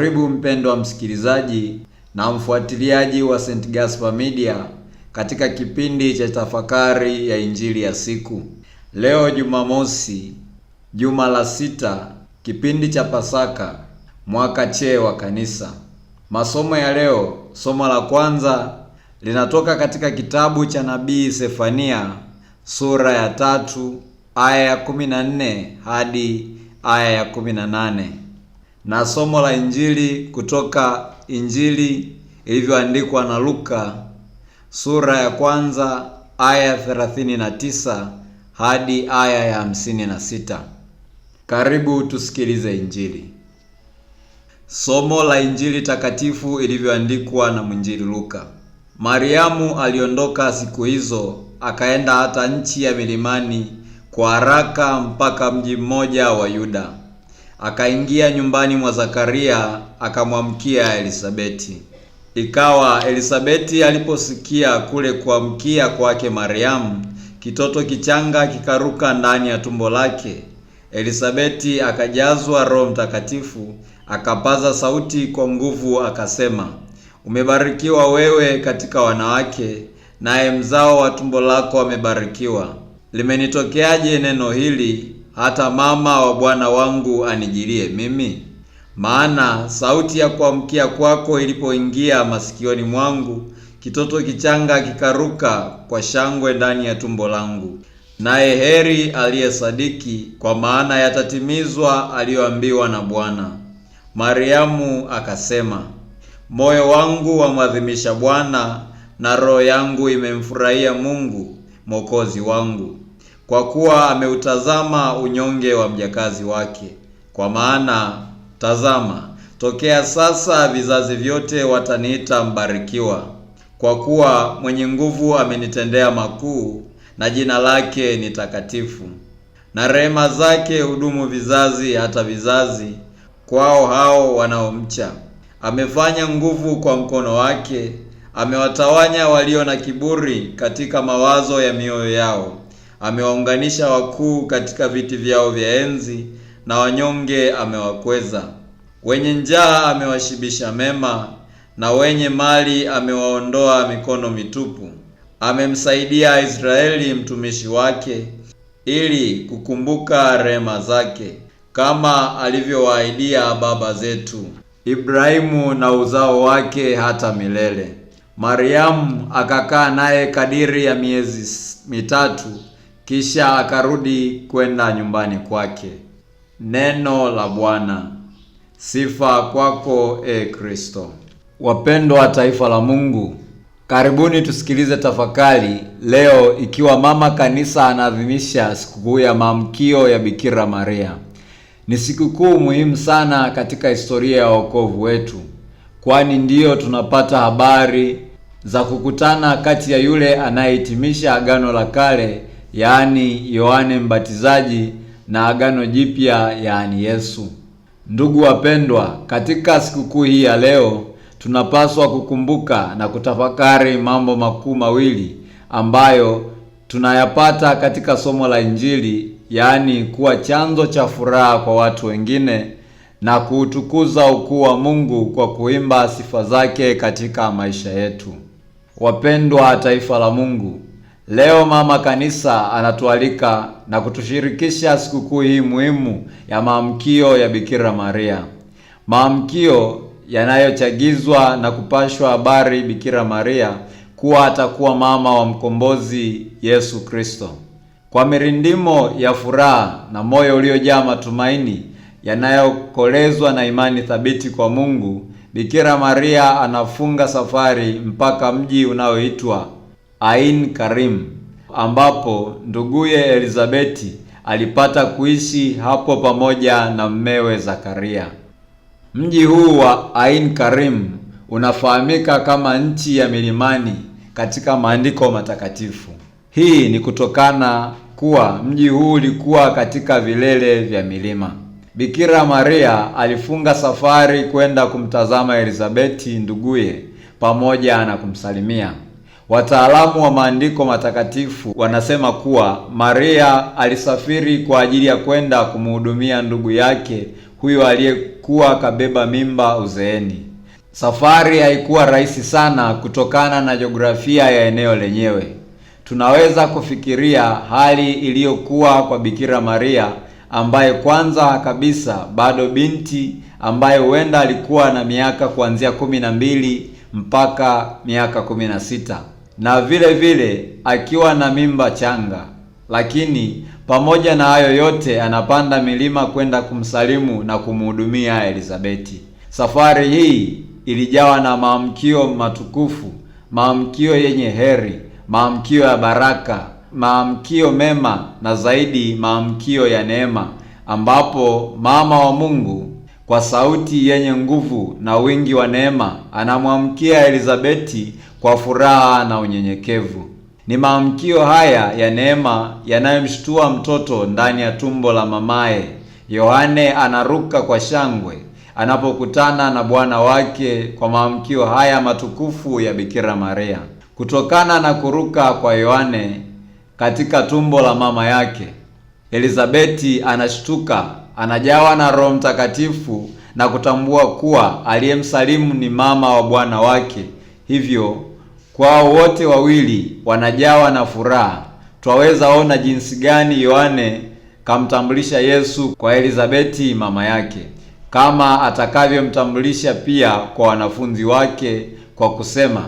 Karibu mpendwa msikilizaji na mfuatiliaji wa St. Gaspar Media katika kipindi cha tafakari ya injili ya siku. Leo Jumamosi, juma la sita, kipindi cha Pasaka, mwaka C wa Kanisa. Masomo ya leo, somo la kwanza linatoka katika kitabu cha nabii Sefania sura ya tatu aya ya 14 hadi aya ya 18 na somo la Injili kutoka Injili ilivyoandikwa na Luka sura ya kwanza aya 39 hadi aya ya 56. Karibu tusikilize Injili. Somo la Injili takatifu ilivyoandikwa na mwinjili Luka. Mariamu aliondoka siku hizo akaenda hata nchi ya milimani kwa haraka mpaka mji mmoja wa Yuda Akaingia nyumbani mwa Zakaria akamwamkia Elisabeti. Ikawa Elisabeti aliposikia kule kuamkia kwake Mariamu, kitoto kichanga kikaruka ndani ya tumbo lake. Elisabeti akajazwa Roho Mtakatifu, akapaza sauti kwa nguvu akasema, umebarikiwa wewe katika wanawake, naye mzao wa tumbo lako amebarikiwa. Limenitokeaje neno hili hata mama wa bwana wangu anijilie mimi? Maana sauti ya kuamkia kwako ilipoingia masikioni mwangu, kitoto kichanga kikaruka kwa shangwe ndani ya tumbo langu. Naye heri aliyesadiki, kwa maana yatatimizwa aliyoambiwa na Bwana. Mariamu akasema, moyo wangu wamwadhimisha Bwana, na roho yangu imemfurahia Mungu Mwokozi wangu kwa kuwa ameutazama unyonge wa mjakazi wake. Kwa maana tazama, tokea sasa vizazi vyote wataniita mbarikiwa, kwa kuwa mwenye nguvu amenitendea makuu, na jina lake ni takatifu. Na rehema zake hudumu vizazi hata vizazi, kwao hao wanaomcha. Amefanya nguvu kwa mkono wake, amewatawanya walio na kiburi katika mawazo ya mioyo yao amewaunganisha wakuu katika viti vyao vya enzi, na wanyonge amewakweza. Wenye njaa amewashibisha mema, na wenye mali amewaondoa mikono mitupu. Amemsaidia Israeli mtumishi wake, ili kukumbuka rehema zake, kama alivyowaahidia baba zetu Ibrahimu na uzao wake hata milele. Mariamu akakaa naye kadiri ya miezi mitatu kisha akarudi kwenda nyumbani kwake. Neno la Bwana. Sifa kwako e Kristo. Wapendwa taifa la Mungu, karibuni tusikilize tafakari leo, ikiwa mama kanisa anaadhimisha sikukuu ya maamkio ya Bikira Maria. Ni sikukuu muhimu sana katika historia ya wokovu wetu, kwani ndiyo tunapata habari za kukutana kati ya yule anayehitimisha agano la kale yaani Yohane Mbatizaji na Agano Jipya yaani Yesu. Ndugu wapendwa, katika sikukuu hii ya leo tunapaswa kukumbuka na kutafakari mambo makuu mawili ambayo tunayapata katika somo la Injili, yaani kuwa chanzo cha furaha kwa watu wengine na kuutukuza ukuu wa Mungu kwa kuimba sifa zake katika maisha yetu. Wapendwa taifa la Mungu, Leo mama kanisa anatualika na kutushirikisha sikukuu hii muhimu ya maamkio ya Bikira Maria, maamkio yanayochagizwa na kupashwa habari Bikira Maria kuwa atakuwa mama wa mkombozi Yesu Kristo. Kwa mirindimo ya furaha na moyo uliojaa matumaini yanayokolezwa na imani thabiti kwa Mungu, Bikira Maria anafunga safari mpaka mji unaoitwa Ain Karim, ambapo nduguye Elizabeti alipata kuishi hapo pamoja na mmewe Zakaria. Mji huu wa Ain Karim unafahamika kama nchi ya milimani katika maandiko matakatifu. Hii ni kutokana kuwa mji huu ulikuwa katika vilele vya milima. Bikira Maria alifunga safari kwenda kumtazama Elizabeti nduguye pamoja na kumsalimia. Wataalamu wa maandiko matakatifu wanasema kuwa Maria alisafiri kwa ajili ya kwenda kumhudumia ndugu yake huyo aliyekuwa kabeba mimba uzeeni. Safari haikuwa rahisi sana kutokana na jiografia ya eneo lenyewe. Tunaweza kufikiria hali iliyokuwa kwa Bikira Maria ambaye kwanza kabisa bado binti ambaye huenda alikuwa na miaka kuanzia kumi na mbili mpaka miaka kumi na sita na vile vile akiwa na mimba changa. Lakini pamoja na hayo yote, anapanda milima kwenda kumsalimu na kumhudumia Elizabeti. Safari hii ilijawa na maamkio matukufu, maamkio yenye heri, maamkio ya baraka, maamkio mema na zaidi maamkio ya neema, ambapo mama wa Mungu kwa sauti yenye nguvu na wingi wa neema anamwamkia Elizabeti kwa furaha na unyenyekevu. Ni maamkio haya ya neema yanayomshtua mtoto ndani ya tumbo la mamaye. Yohane anaruka kwa shangwe anapokutana na Bwana wake kwa maamkio haya matukufu ya Bikira Maria. Kutokana na kuruka kwa Yohane katika tumbo la mama yake, Elizabeti anashtuka, anajawa na Roho Mtakatifu na kutambua kuwa aliyemsalimu ni mama wa Bwana wake. Hivyo kwao wote wawili wanajawa na furaha. Twaweza ona jinsi gani Yohane kamtambulisha Yesu kwa Elizabeti mama yake, kama atakavyomtambulisha pia kwa wanafunzi wake kwa kusema,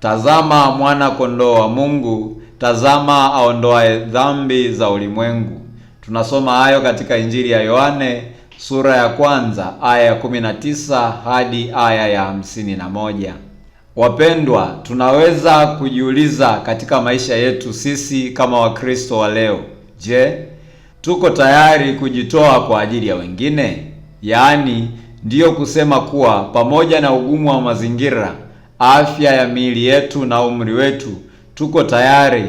tazama mwana kondoo wa Mungu, tazama aondoaye dhambi za ulimwengu. Tunasoma hayo katika Injili ya Yohane sura ya kwanza aya ya 19 hadi aya ya 51. Wapendwa, tunaweza kujiuliza katika maisha yetu sisi kama Wakristo wa leo, je, tuko tayari kujitoa kwa ajili ya wengine? Yaani, ndiyo kusema kuwa pamoja na ugumu wa mazingira, afya ya miili yetu na umri wetu, tuko tayari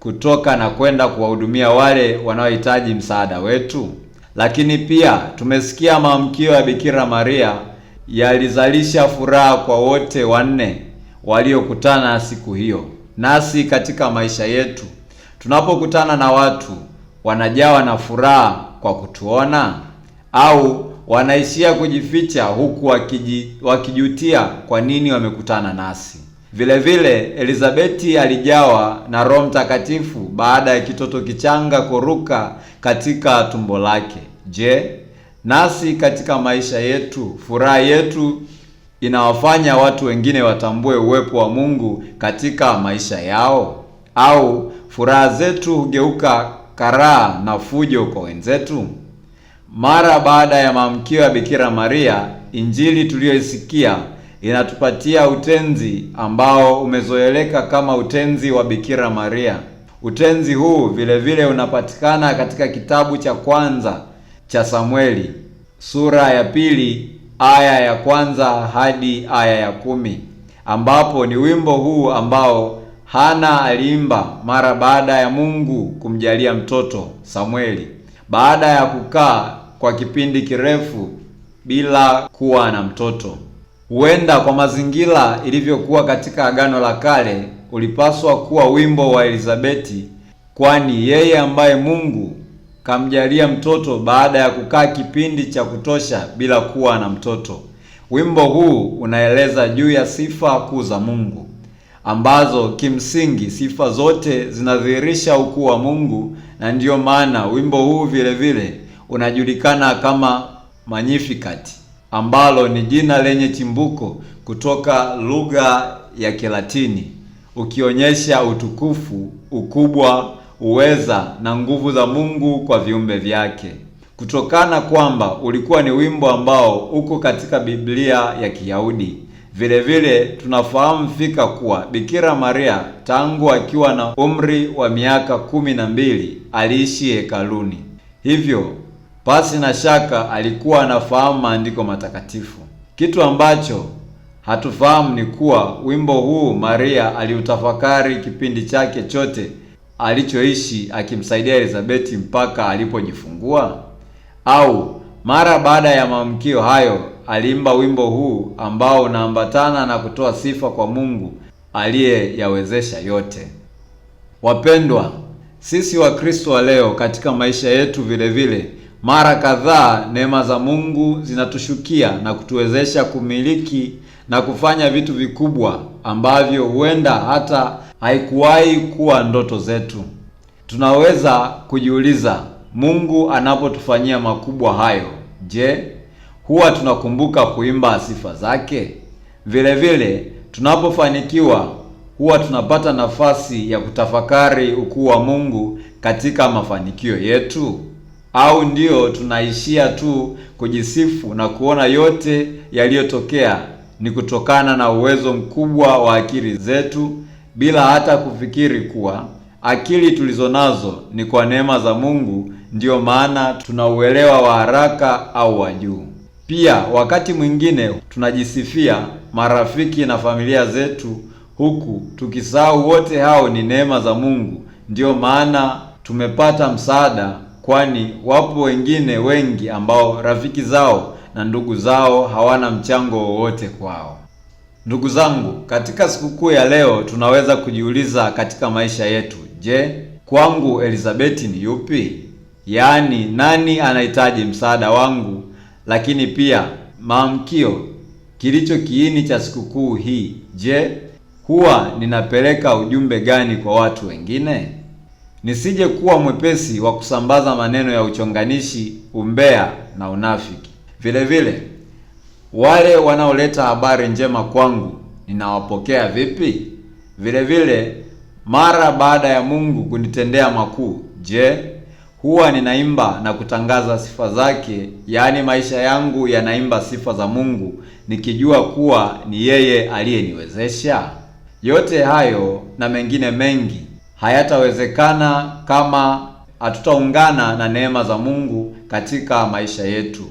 kutoka na kwenda kuwahudumia wale wanaohitaji msaada wetu. Lakini pia tumesikia maamkio ya Bikira Maria yalizalisha furaha kwa wote wanne waliokutana siku hiyo. Nasi katika maisha yetu tunapokutana na watu wanajawa na furaha kwa kutuona au wanaishia kujificha huku wakiji, wakijutia kwa nini wamekutana nasi. Vile vile Elizabeti alijawa na Roho Mtakatifu baada ya kitoto kichanga kuruka katika tumbo lake. Je, nasi katika maisha yetu furaha yetu inawafanya watu wengine watambue uwepo wa Mungu katika maisha yao? Au furaha zetu hugeuka karaa na fujo kwa wenzetu? Mara baada ya maamkio ya Bikira Maria, injili tuliyoisikia inatupatia utenzi ambao umezoeleka kama utenzi wa Bikira Maria. Utenzi huu vile vile unapatikana katika kitabu cha kwanza cha Samueli sura ya pili aya ya kwanza hadi aya ya kumi ambapo ni wimbo huu ambao Hana aliimba mara baada ya Mungu kumjalia mtoto Samweli, baada ya kukaa kwa kipindi kirefu bila kuwa na mtoto. Huenda kwa mazingira ilivyokuwa katika Agano la Kale, ulipaswa kuwa wimbo wa Elizabeti, kwani yeye ambaye Mungu kamjalia mtoto baada ya kukaa kipindi cha kutosha bila kuwa na mtoto. Wimbo huu unaeleza juu ya sifa kuu za Mungu ambazo kimsingi sifa zote zinadhihirisha ukuu wa Mungu, na ndiyo maana wimbo huu vile vile unajulikana kama Magnificat, ambalo ni jina lenye chimbuko kutoka lugha ya Kilatini, ukionyesha utukufu, ukubwa uweza na nguvu za Mungu kwa viumbe vyake, kutokana kwamba ulikuwa ni wimbo ambao uko katika Biblia ya Kiyahudi. Vilevile tunafahamu fika kuwa Bikira Maria tangu akiwa na umri wa miaka kumi na mbili aliishi hekaluni, hivyo pasi na shaka alikuwa anafahamu maandiko matakatifu. Kitu ambacho hatufahamu ni kuwa wimbo huu Maria aliutafakari kipindi chake chote alichoishi akimsaidia Elizabeth mpaka alipojifungua? Au mara baada ya maamkio hayo aliimba wimbo huu ambao unaambatana na kutoa sifa kwa Mungu aliyeyawezesha yote. Wapendwa, sisi Wakristo wa leo katika maisha yetu vile vile mara kadhaa neema za Mungu zinatushukia na kutuwezesha kumiliki na kufanya vitu vikubwa ambavyo huenda hata haikuwahi kuwa ndoto zetu. Tunaweza kujiuliza, Mungu anapotufanyia makubwa hayo, je, huwa tunakumbuka kuimba sifa zake? Vile vile tunapofanikiwa huwa tunapata nafasi ya kutafakari ukuu wa Mungu katika mafanikio yetu, au ndiyo tunaishia tu kujisifu na kuona yote yaliyotokea ni kutokana na uwezo mkubwa wa akili zetu bila hata kufikiri kuwa akili tulizonazo ni kwa neema za Mungu, ndiyo maana tuna uelewa wa haraka au wa juu. Pia wakati mwingine tunajisifia marafiki na familia zetu, huku tukisahau wote hao ni neema za Mungu. Ndiyo maana tumepata msaada, kwani wapo wengine wengi ambao rafiki zao na ndugu zao hawana mchango wowote kwao. Ndugu zangu, katika sikukuu ya leo tunaweza kujiuliza katika maisha yetu, je, kwangu Elizabeti ni yupi? Yaani, nani anahitaji msaada wangu? Lakini pia maamkio, kilicho kiini cha sikukuu hii. Je, huwa ninapeleka ujumbe gani kwa watu wengine? Nisije kuwa mwepesi wa kusambaza maneno ya uchonganishi, umbea na unafiki. Vile vile wale wanaoleta habari njema kwangu ninawapokea vipi? Vile vile mara baada ya Mungu kunitendea makuu, je, huwa ninaimba na kutangaza sifa zake? Yaani maisha yangu yanaimba sifa za Mungu nikijua kuwa ni yeye aliyeniwezesha. Yote hayo na mengine mengi hayatawezekana kama hatutaungana na neema za Mungu katika maisha yetu.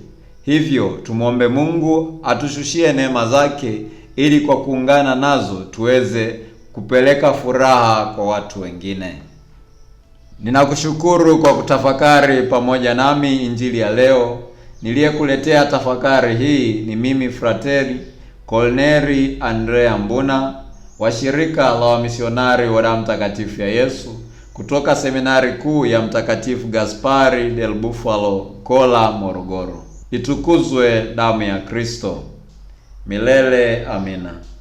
Hivyo tumwombe Mungu atushushie neema zake ili kwa kuungana nazo tuweze kupeleka furaha kwa watu wengine. Ninakushukuru kwa kutafakari pamoja nami injili ya leo. Niliyekuletea tafakari hii ni mimi Frateri Kolneri Andrea Mbuna wa shirika la wamisionari wa damu mtakatifu ya Yesu kutoka seminari kuu ya Mtakatifu Gaspari del Bufalo Kola, Morogoro. Itukuzwe damu ya Kristo! Milele amina.